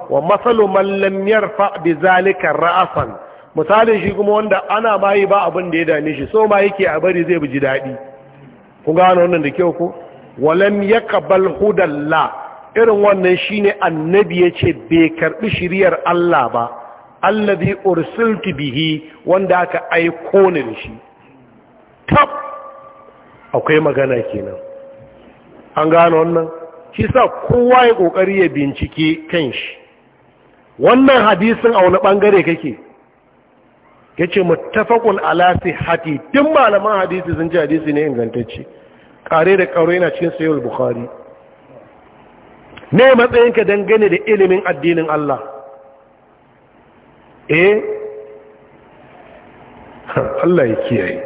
wa matsalu mallamiyar fa'abi zalikan ra'asan misalin shi kuma wanda ana yi ba abin da ya dame shi so ma yake a bari zai bi ji daɗi ku gano wannan da kyau ku Wa walam yaqbal hudalla irin wannan shi ne annabi ya ce bai karɓi shiriyar Allah ba allazi ursulti bihi wanda aka aiko ni da shi tab akwai magana kenan an gano wannan shi sa kowa ya kokari ya bincike kanshi wannan hadisin a wani bangare kake yace muttafaqun ala sihhati duk malaman hadisi sun ji hadisi ne ingantacce kare da karo yana cikin sahih al-bukhari Ne matsayinka dangane da ilimin addinin Allah eh Allah ya kiyaye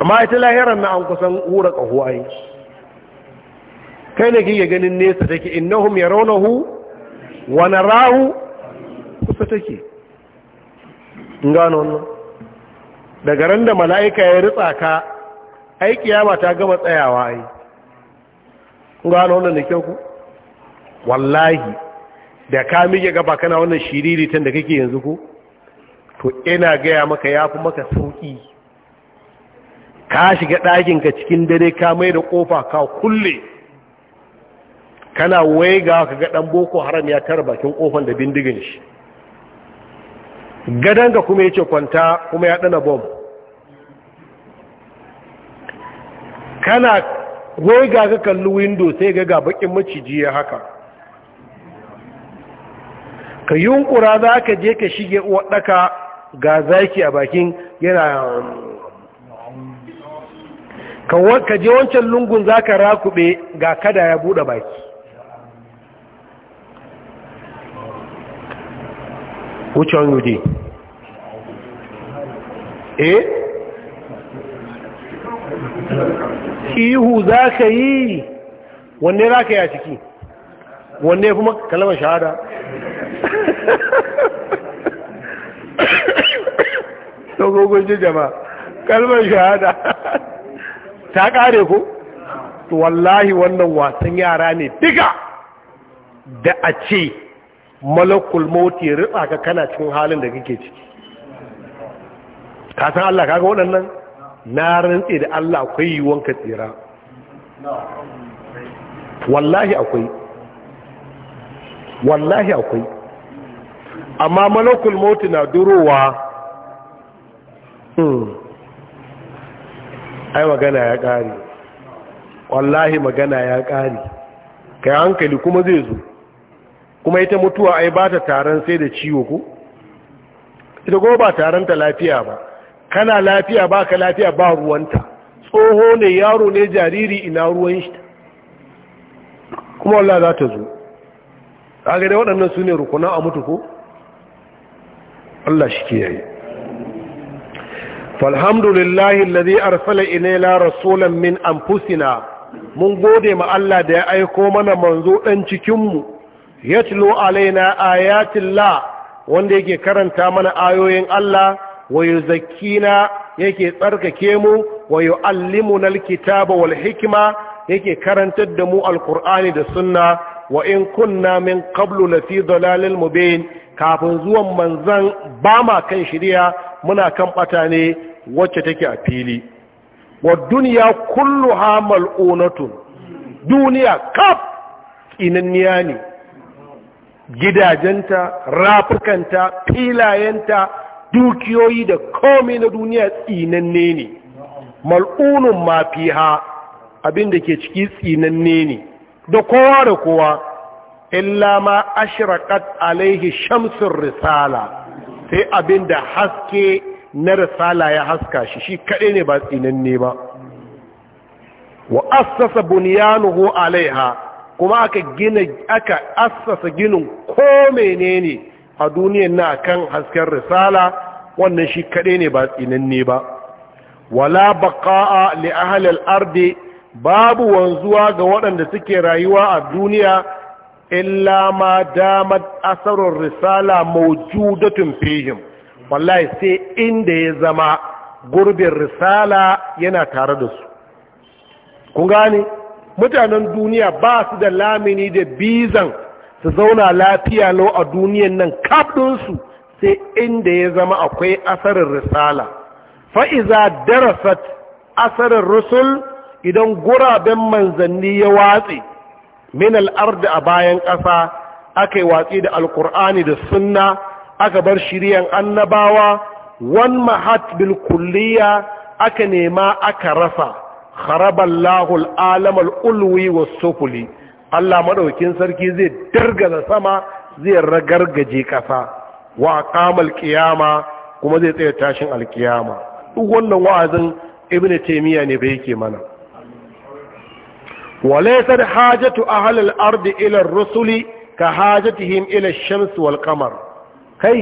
amma ita lahiran na an kusan hura ƙahuwa yi kai ne kike ganin nesa take innahum yarawnahu wa narahu kusa take gano wannan daga ran da mala'ika ya ritsa ka ai kiyama ta gama tsayawa ai gano wannan ne kyau ku wallahi da ka mige gaba kana wannan shiriritan da kake yanzu ko to ina gaya maka ya fi maka sauƙi ka shiga ɗakinka cikin dare ka mai da ƙofa ka kulle kana ga ka ga ɗan boko haram ya tara bakin ƙofan da bindigin shi gadonka kuma ya ce kwanta kuma ya ɗana bom kana wai ga ka kalli windo sai ga ga bakin maciji ya haka ka yunkura za ka je ka shige waɗaka ga zaki a bakin yana ka je wancan lungun za ka rakube ga kada ya buɗe baki which yudi you eh ihu za ka yi wanne za ka yi a ciki wanne kuma kalamar shahada dogogon ji jama kalmar shahada ta kare ku to wallahi wannan wasan yara ne diga da a ce malakul moti ritsa ka kana cikin halin da kake ciki ka san Allah kaga waɗannan na rantse da Allah akwai yiwon ka tsira wallahi akwai wallahi akwai amma malakul mauti na durowa hmm. ai magana ya ƙari wallahi magana ya ƙari kai hankali kuma zai zo kuma ita mutuwa ai ba ta taron sai da ciwo ku? ita kuma ba taron ta lafiya ba kana lafiya ba ka lafiya ba ruwanta tsoho ne yaro ne jariri ina ruwan shi kuma wallah za ta zo kaga dai waɗannan su ne rukunan a mutu ko Allah shi lillahi falhamdulillahi alladhi arsala ilayna rasulan min anfusina mun gode ma Allah da ya aiko mana manzo dan cikin mu tilo alaina ayatillah wanda yake karanta mana ayoyin Allah wa yuzakkina yake tsarkake mu wa yuallimuna alkitaba wal hikma yake karantar da mu alqur'ani da sunna wa in kunna min qablu lafi dalalil mubin kafin zuwan manzan ba ma kan shirya muna kan bata ne wacce take a fili wa duniya kulluha mal'unatun duniya kaf inanniya ne gidajenta rafukanta filayenta dukiyoyi da komai na duniya tsinanne ne mal'unun mafiha abin da ke ciki tsinanne ne da kowa da kowa illa ma ashraqat alaihi shamsur risala sai abinda haske na risala ya haska shi shi kadai ne ba tsinanne ba wa assasa bunyanuhu alaiha kuma aka gina aka assasa ginin ko menene a duniyar na kan hasken risala wannan shi kadai ne ba tsinanne ba wala baqa'a li ahli al-ardi babu wanzuwa ga waɗanda suke rayuwa a duniya illa ma damar asarar risala maujudatun fihim wallahi sai inda ya zama gurbin risala yana tare da su kun gane mutanen duniya ba su da lamini da bizan su zauna lafiya lau a duniyan nan kaɗinsu sai inda ya zama akwai asarar risala fa'iza darasat asarar rusul idan guraben manzanni ya watsi min al'arda a bayan ƙasa aka yi watsi da alkur'ani da sunna aka bar shiryan annabawa wan mahat bil kulliya aka nema aka rasa kharaballahu al'alam ulwi was sufuli Allah madaukin sarki zai dargaza sama zai ragargaje ƙasa wa aqamal qiyama kuma zai tsaya tashin alkiyama duk wannan wa'azin ibnu taymiya ne bai yake mana walaisar hajatu a halar ardi ilar rusuli ka hajatihim ilar shamsu wal kai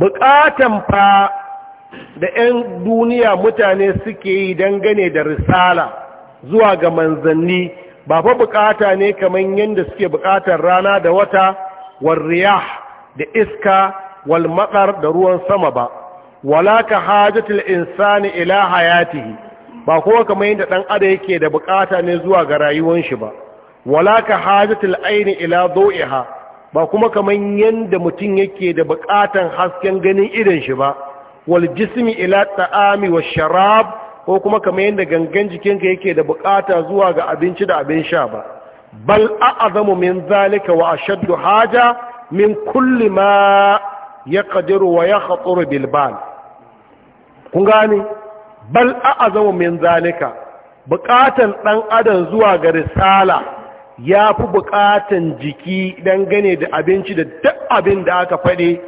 bukatan fa da 'yan duniya mutane suke yi dangane da risala zuwa ga manzanni ba fa bukata ne kamar yadda suke bukatar rana da wata warriyah da iska wal da ruwan sama ba wala ka hajatul insani ila hayatihi ba kowa kamar yadda ɗan ada yake da bukata ne zuwa ga rayuwar shi ba walaka ka hajatul aini ila dawiha ba kuma kamar yadda mutum yake da bukatan hasken ganin idan shi ba wal jismi ila ta'ami wa sharab ko kuma kamar yadda gangan jikinka yake da bukata zuwa ga abinci da abin sha ba bal a'azamu min zalika wa ashaddu haja min kulli ma yaqdiru wa yakhthuru bil bal kun gane bal zama min zalika buƙatan ɗan adam zuwa ga risala ya fi buƙatan jiki dangane da abinci da duk abin da aka faɗi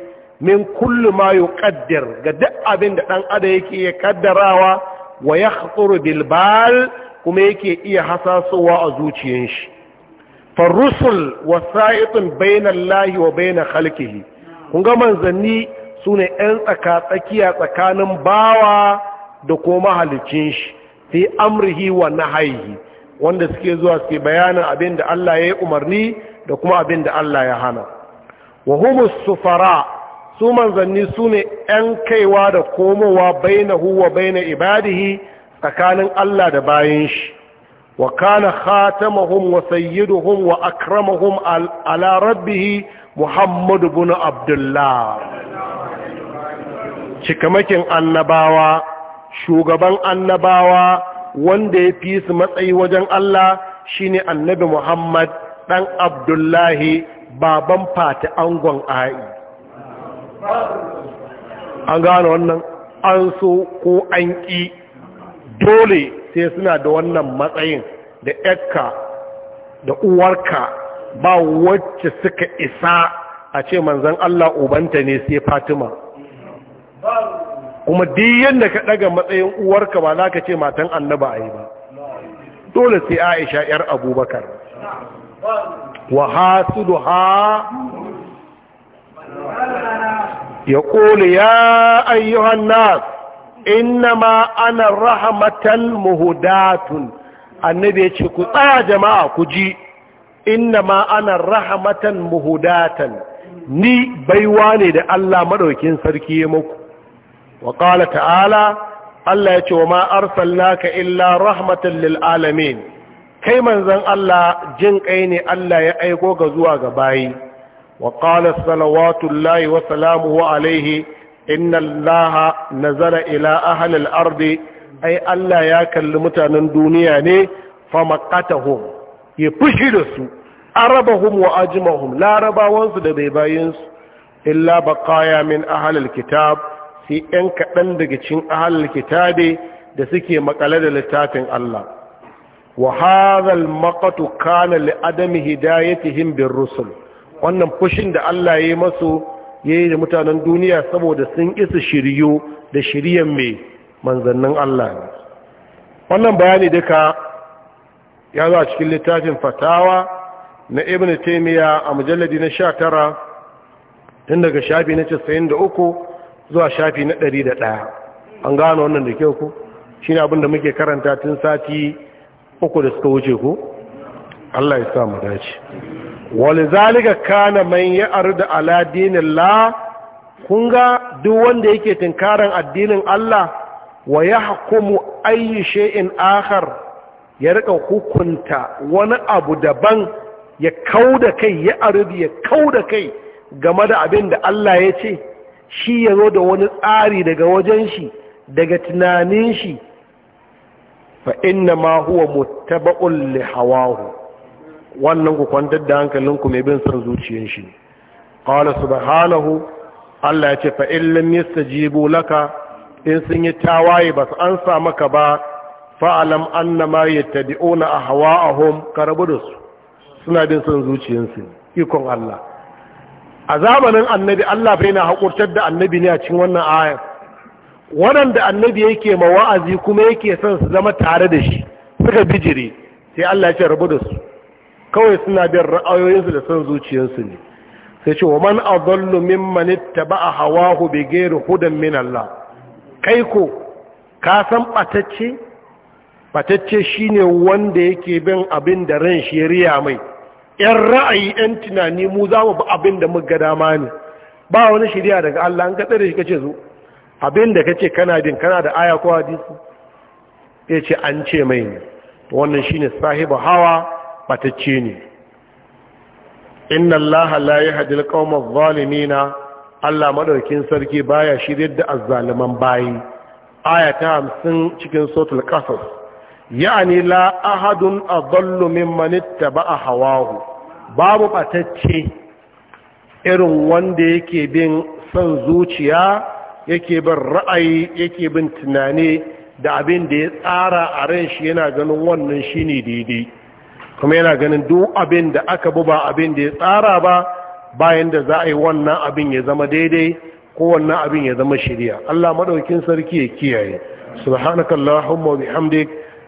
min kullu ma ga duk abin da ɗan adam yake ya kaddarawa wa ya bil bal kuma yake iya hasasowa a zuciyar shi farusul wasa'itun bainan lahi wa bainan halkihi kun ga manzanni su ne 'yan tsaka-tsakiya tsakanin bawa da ko mahalicin shi fi amrihi wa nahaihi wanda suke zuwa suke bayanin abin da Allah ya yi umarni da kuma abin da Allah ya hana wa humus sufara su manzanni su ne ‘yan kaiwa da komowa huwa huwa baina ibadihi tsakanin Allah da bayan shi wa kana khatamahum wa sayyiduhum wa akramahum ala rabbihi muhammadu bunu abdullah cikamakin annabawa shugaban annabawa wanda ya fi su matsayi wajen Allah shine annabi Muhammad ɗan Abdullahi baban fati angon ai an gano wannan an so ko an ƙi dole sai suna da wannan matsayin da ƴarka, da uwarka ba wacce suka isa a ce manzan Allah ubanta ne sai Fatima kuma duk yadda ka ɗaga matsayin uwarka ba za ka ce matan annaba a ba dole sai aisha yar abubakar wa hasudu duha ya ƙoli ya ayyuhan nas innama ana rahmatan muhudatun annabi ya ce ku tsaya jama'a ku ji innama ana rahmatan muhudatan ni baiwa ne da Allah madaukin sarki ya muku wa ta'ala Allah ya ce wa ma arsalnaka illa rahmatan lil'alamin alamin kai manzon Allah jin kai ne Allah ya aiko ga zuwa ga bayi wa qala salawatullahi wa salamuhu alaihi inna allaha nazara ila ahli al-ardi ai Allah ya kalli mutanen duniya ne fa maqatahum ya fushi da su an raba arabahum wa ajmahum larabawansu da bai bayinsu illa baqaya min ahli al-kitab sai ‘yan kaɗan daga cin ahal kitabe da suke makale da littafin Allah wa hazal maqatu kana li adami hidayatihim rusul wannan fushin da Allah ya yi masu ya yi da mutanen duniya saboda sun isa shiryu da shiryen mai manzannin Allah wannan bayani duka ya zo a cikin littafin fatawa na ibn Taimiyya a mujalladi na sha tara, tun daga shafi na da uku. zuwa shafi na ɗari da ɗaya an gano wannan da kyau ku shi ne abinda muke karanta tun sati uku da suka wuce ku Allah ya sa mu dace wani zalika kana man ya aru da aladinin la kun ga duk wanda yake tunkaran addinin Allah wa ya hakumu ayyu shay'in akhar ya rika hukunta wani abu daban ya kauda kai ya aru ya kauda kai game da abin da Allah ya ce shi ya zo da wani tsari daga wajen shi daga tunanin shi fa inna ma huwa muttaba'un li hawahu wannan ku kwantar da hankalinku mai bin son zuciyar shi qala subhanahu Allah ya ce fa in lam yastajibu laka in sun yi tawaye ba su ansa maka ba anna ma yattabi'una ahwa'ahum karabu da su suna bin son zuciyarsu ikon Allah a zamanin annabi Allah bai na haƙurtar da annabi ne a cikin wannan ayar waɗanda annabi yake ma wa'azi kuma yake son su zama tare da shi suka bijire sai Allah ya ce rabu da su kawai suna bin ra'ayoyinsu da son zuciyarsu ne sai ce wa man adallu mimman ittaba'a hawahu bighairi hudan min Allah kai ko ka san batacce batacce shine wanda yake bin abin da ran shi riya mai 'yan ra'ayi 'yan tunani mu za mu bi abin da muka dama ne ba wani shirya daga Allah an katsar da shi kace zo abin da kace kana din kana da aya kowa disu? ya ce an ce mai ne wannan shi ne sahibu hawa batacce ne inna Allah halaye yahdi al-qawma Allah maɗaukin sarki baya shiryar da azzaliman bayi aya ta hamsin cikin sotul kasar. yani la ahadun adallu mimman ittaba'a hawahu babu batacce irin wanda yake bin son zuciya yake bin ra'ayi yake bin tunani da abin da ya tsara a ran shi yana ganin wannan shine daidai kuma yana ganin duk abin da aka bi ba abin da ya tsara ba bayan da za a yi wannan abin ya zama daidai ko wannan abin ya zama shirya Allah madaukin sarki ya kiyaye subhanakallahumma wa bihamdika